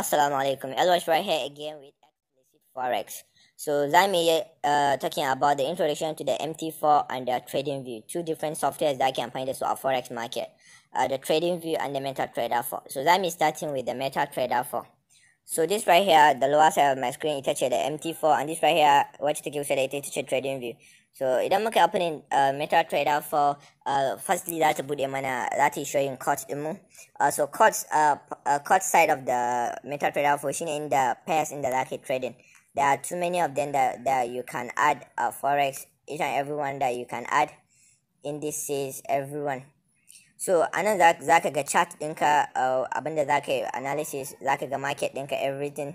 assalamu alaikum Elwash right here again with explicit forex so Zaimi uh talking about the introduction to the mt4 and the trading view two different softwares that can point us to our forex market uh, the trading view and the metatrader 4 so Zaimi starting with the metatrader 4 so this right here, the lower side of my screen, it touches the MT4 and this right here, watch the gives it touches trading view. So idan muka opening uh, MetaTrader 4, uh, firstly that's ta bude mana za ta show yin cut you. Uh, so cut, uh, uh cut side of the MetaTrader 4 in the pairs in the market trading. There are too many of them that, that you can add uh, forex, each and every one that you can add. Indices, everyone. so anan za ka ga chart ɗinka uh, abinda za ka yi analysis za ka ga market ɗinka everything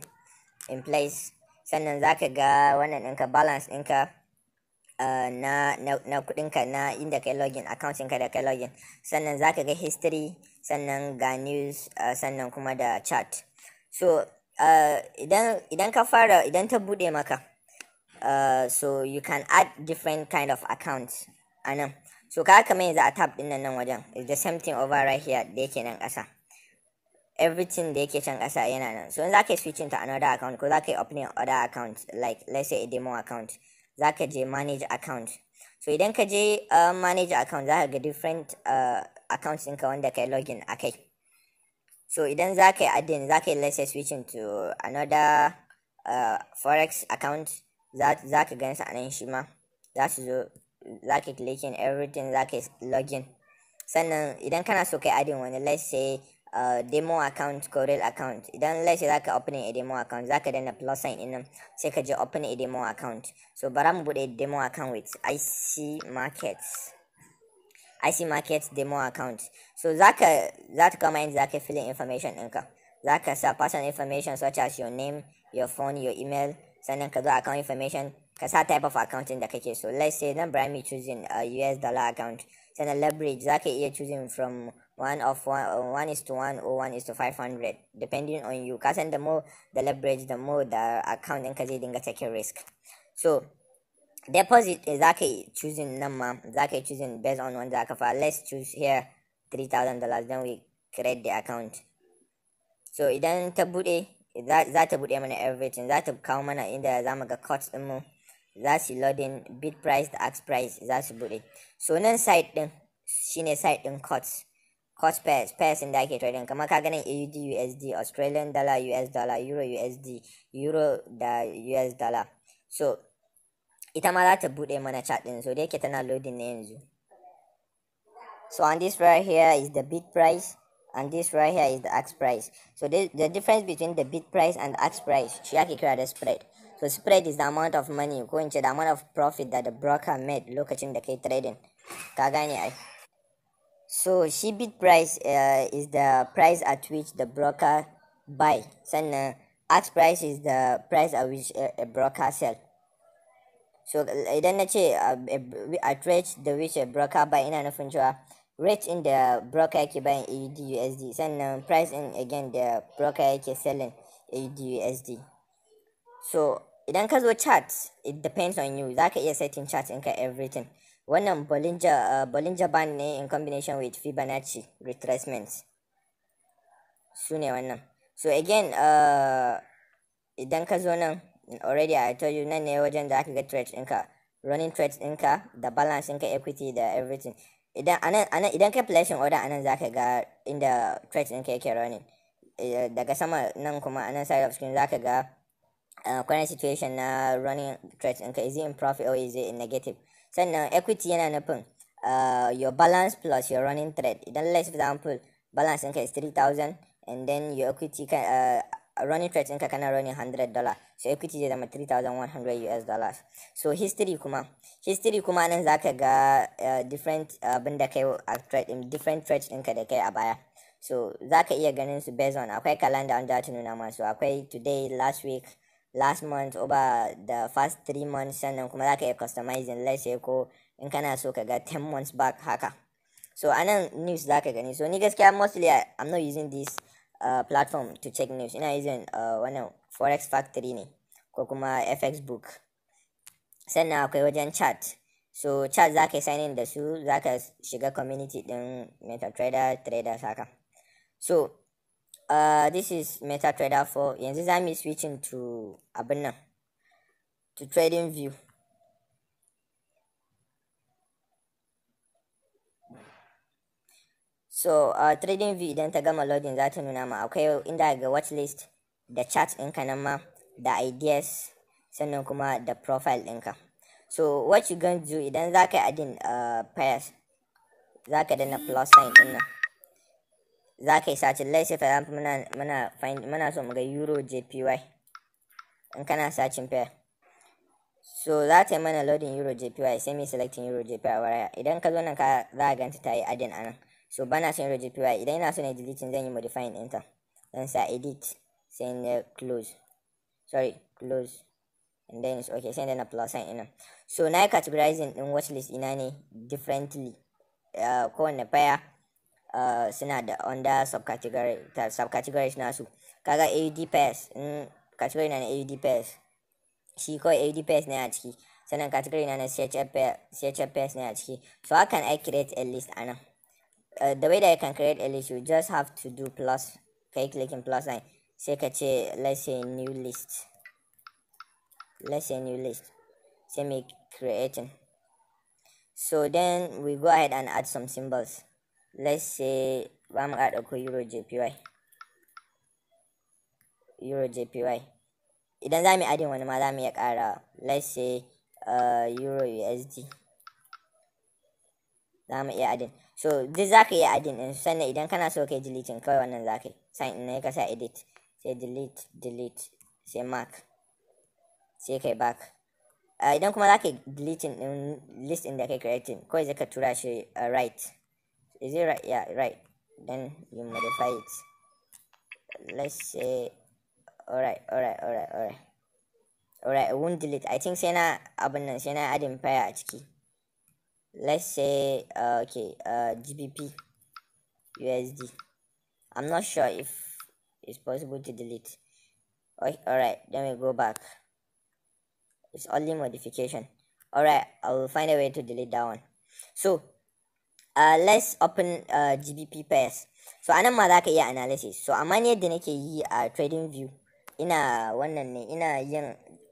in place sannan za ka ga wannan ɗinka balance ɗinka uh, na, kudinka na kuɗinka na inda kai login account ɗinka da kai login sannan za ka ga history sannan ga news uh, sannan kuma da chart so idan, ka fara idan ta buɗe maka so you can add different kind of accounts anan so ka haka yanzu a tab din nan wajen is the same thing over right here da yake nan ƙasa everything da yake can ƙasa yana nan so in zaka switching to another account ko zaka open other account like let's say a demo account zaka je manage account so idan ka je uh, manage account zaka ga different uh, accounts ɗinka wanda kai login akai so idan zaka yi adding zaka yi let's say switching to another uh, forex account za ka a nan shi ma za su zo za ka clicking everything za ka login sannan idan kana so kai adin wani let's say uh, demo account ko real account idan let's say za ka opening a demo account za ka danna plus sign in nan sai ka je open a demo account so bara mu bude demo account with IC markets IC markets demo account so za ka za ta kama yanzu za ka filling information ɗinka za ka sa personal information such as your name your phone your email sannan ka zo account information ka sa type of account da kake so let's say nan bari me choosing a US dollar account sannan leverage ka iya choosing from one of one, one is to one or one is to 500 depending on you ka san the more the leverage the more the account ka zai dinga taking risk so deposit za ka yi choosing nan ma Za ka yi choosing based on wanda ka fa let's choose here $3000 dollars. then we create the account so idan ta bude za ta bude mana everything za ta kawo mana inda za mu ga cost din mu za su loading bid price da ask price za su bude so nan site din shine site din cuts. cots pairs pairs in da ake trading kamar ka ganin AUD USD Australian dollar US dollar euro USD euro da US dollar so ita ma za ta bude mana chart din so da yake tana loading ne yanzu so and this right here is the bid price and this right here is the ask price so this, the difference between the bid price and the ask price shi ake kira da spread So spread is the amount of money you into the amount of profit that the broker made locating the kai trading. Ka ai. So she bid price uh, is the price at which the broker buy. Sannan ask price is the price at which a, uh, a broker sell. So then na ce uh, at rate the which a broker buy ina an cewa rate in the broker buy buying AUD USD Then price in again the broker yake selling AUD USD. So idan ka zo chat it depends on you za ka iya setting chat ɗinka everything wannan Bollinger, uh, Bollinger Band ne in combination with Fibonacci retracement su ne wannan so again uh, idan ka zo nan already I told you nan ne wajen da aka ga trade ɗinka running trade ɗinka da balance ɗinka equity da everything idan anan anan idan kai placing order anan zaka ga inda trade ɗinka yake running eh, daga sama nan kuma anan side of screen zaka ga uh, current situation na uh, running threat. okay is it in profit or is it in negative sannan equity yana nufin uh, your balance plus your running trade then let's for example balance okay is 3000 and then your equity can, uh, running trade can kana running 100 dollar so equity is zama 3100 us dollars so history kuma history kuma nan zaka ga uh, different uh, da kai a trade different trades ɗinka da kai so zaka iya ganin su based on akwai calendar wanda ta nuna masu akwai today last week last month over the first three months sannan kuma za ka iya customizing let's say ko in kana so ka ga 10 months back haka so anan news za ka gani so ni gaskiya mostly I, i'm not using this uh, platform to check news ina using uh, wannan forex factory ne ko kuma fx book sannan akwai wajen chat so chat za ka yi sign in da su za ka shiga community din metatrader traders haka so Uh, this is MetaTrader 4 yanzu za mu yi switching to abin nan to trading view so uh, trading view idan ta gama loading za ta nuna ma akwai okay, inda ga watchlist da chat ɗinka nan ma da ideas sannan kuma da profile ɗinka so what you gonna do idan za ka yi adin uh, pairs za ka dana plus sign ɗin nan za ka yi sacin lai sai for example muna muna find muna so mu ga euro jpy in kana sacin pair so za ta yi mana loading euro jpy sai mu selecting euro jpy waya idan ka zo nan ka za a ganta ta yi adin anan so bana son euro jpy idan ina so na deleting zan yi modifying ɗinta zan sa edit sai na close sorry close and then it's okay sai na plus sign ina so na yi categorizing in watchlist ina ne differently uh, kowane pair uh, suna da under subcategory na su kaga AUD pairs in category na AUD pairs shi kawai AUD pairs ne a ciki sannan category na na CHF pairs ne a ciki so how can I create a list anan uh, the way that I can create a list you just have to do plus kai clicking plus sign sai ka ce let's say new list let's say new list sai mai creating so then we go ahead and add some symbols let's say ba mu ɗauko euro jpy euro jpy idan za mu adin wani ma za mu iya ƙara let's say uh, eh, euro usd za mu iya adin so duk za ka iya adin ɗin sannan idan kana so kai deleting kawai wannan za ka yi sign in na ka sa edit sai delete delete sai mark sai kai back eh, idan kuma za ka yi deleting ɗin list ɗin da kai creating kawai zai ka tura shi eh, right is it right yeah right then you modify it let's say all right all right all right all right all right i won't delete i think sai na abin nan sai na adin fire a ciki let's say uh, okay uh gbp usd i'm not sure if it's possible to delete okay, all right then we go back it's only modification all right i will find a way to delete that one so uh, let's open uh, gbp pairs so anan ma za ka iya analysis so amma ne yadda nake yi a trading view ina wannan ne ina yin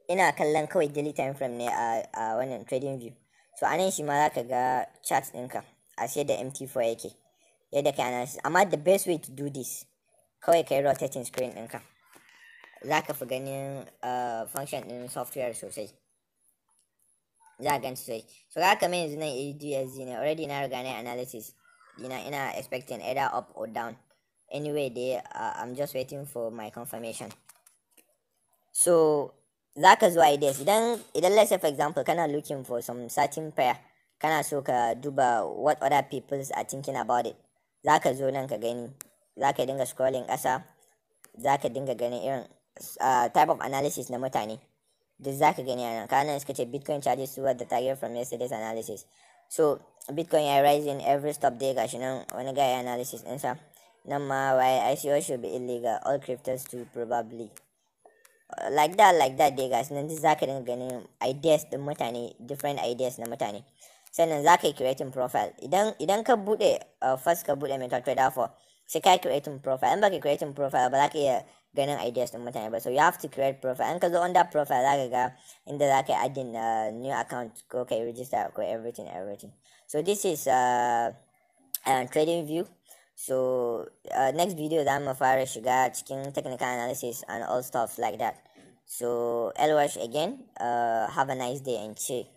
ina kallon kawai daily time frame ne a, a wannan trading view so anan shi ma za ka ga chart ɗinka sai da mt4 yake yadda kai analysis amma the best way to do this kawai kai rotating screen ɗinka za ka fi ganin uh, function ɗin software sosai za gan su sai so haka mai yanzu nan ADSG ne already na riga na analysis ina ina expecting either up or down anyway dai uh, I'm just waiting for my confirmation so that's why zo Then, then let's say for example kind of looking for some certain pair of look ka duba what other people are thinking about it za ka zo nan ka gani za ka dinga scrolling Asa. That's why dinga ganin irin uh, type of analysis number tiny. This is Zach again here. Cardano is catching Bitcoin charges toward the tiger from yesterday's analysis. So Bitcoin I rise in every stop day guys. You know when Gashino Onagai analysis and so Nama why ICO should be illegal. All cryptos too probably. Like that, like that day guys. Nan zaka dinga again, ideas more tiny, different ideas na mutane. Sannan za ka yi creating profile. Idan idan ka bude uh, first ka bude MetaTrader 4 sai ka create creating profile. In create creating profile ba za you iya ganin ideas din mutane ba so you have to create profile and because on that profile zaka ga inda zaka yi adding uh, new account ko register ko everything everything so this is uh, uh, trading view so uh, next video am a fara shiga cikin technical analysis and all stuff like that so elwash again uh, have a nice day and see.